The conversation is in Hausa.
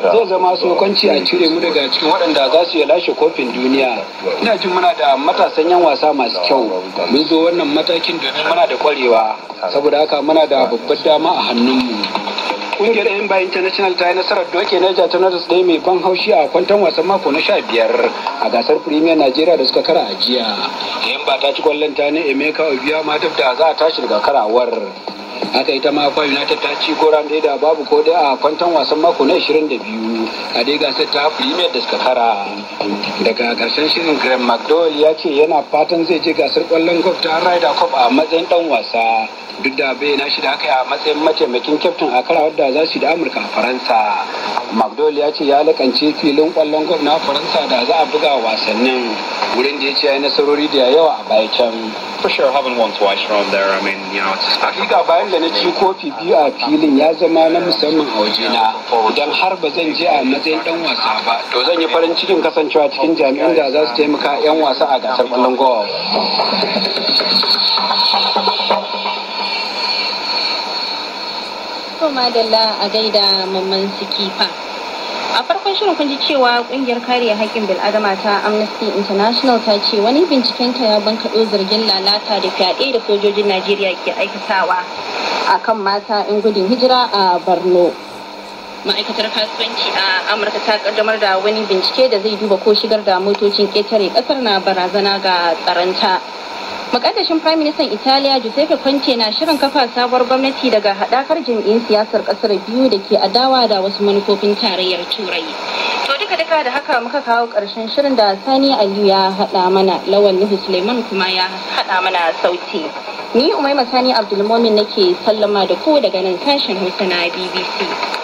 zai zama sokanci a cire mu daga cikin waɗanda za su yi lashe kofin duniya ina jin muna da matasan yan wasa masu kyau mun zo wannan matakin domin muna da kwarewa saboda haka muna da babbar dama a hannunmu kungiyar Emba International ta yi nasarar doke Niger Tornadoes ɗaya mai ban haushi a kwantan wasan mako na sha biyar a gasar Premier Najeriya da suka kara a jiya. Emba ta ci kwallon ta ne Emeka ma duk da za a tashi daga karawar. haka ita ma kwa united ta ci ko ran da babu ko da a kwantan wasan mako na 22 a dai gasar ta premier da suka kara daga karshen shirin graham mcdowell ya ce yana fatan zai je gasar kwallon golf ta ryder cup a matsayin dan wasa duk da bai na shi da aka yi a matsayin mataimakin kyaftin a kara wadda za su yi da amurka a faransa mcdowell ya ce ya lakance filin kwallon golf na faransa da za a buga wasannin wurin da ya ce ya yi nasarori da yawa a bayan can for sure won twice from there I mean you know it's a special bayan da na ci kofi biyu a filin ya zama na musamman a wajena idan har ba zan je a matsayin dan wasa ba to zan yi farin cikin kasancewa cikin jami'an da za su taimaka yan wasa a gasar kwallon golf to madalla a gaida mamman sikifa a farkon shirin kun ji cewa kungiyar kare haƙƙin bil'adama ta amnesty international ta ce wani bincikenta ya bankaɗo zargin lalata da fyaɗe da sojojin najeriya ke aikatawa a kan mata 'yan gudun hijira a borno ma'aikatar kasuwanci a amurka ta kaddamar da wani bincike da zai duba ko shigar da motocin ƙetare ƙasar na barazana ga tsaranta. Makaddashin Prime Minister Italiya Giuseppe Conte na shirin kafa sabuwar gwamnati daga hadakar jam'iyyun siyasar kasar biyu da ke adawa da wasu manufofin tarayyar Turai. To duka duka da haka muka kawo karshen shirin da Sani Aliyu ya hada mana lawan Nuhu Suleiman kuma ya hada mana sauti. Ni Umaima Sani Abdulmomin nake sallama da ku daga nan sashen Hausa na BBC.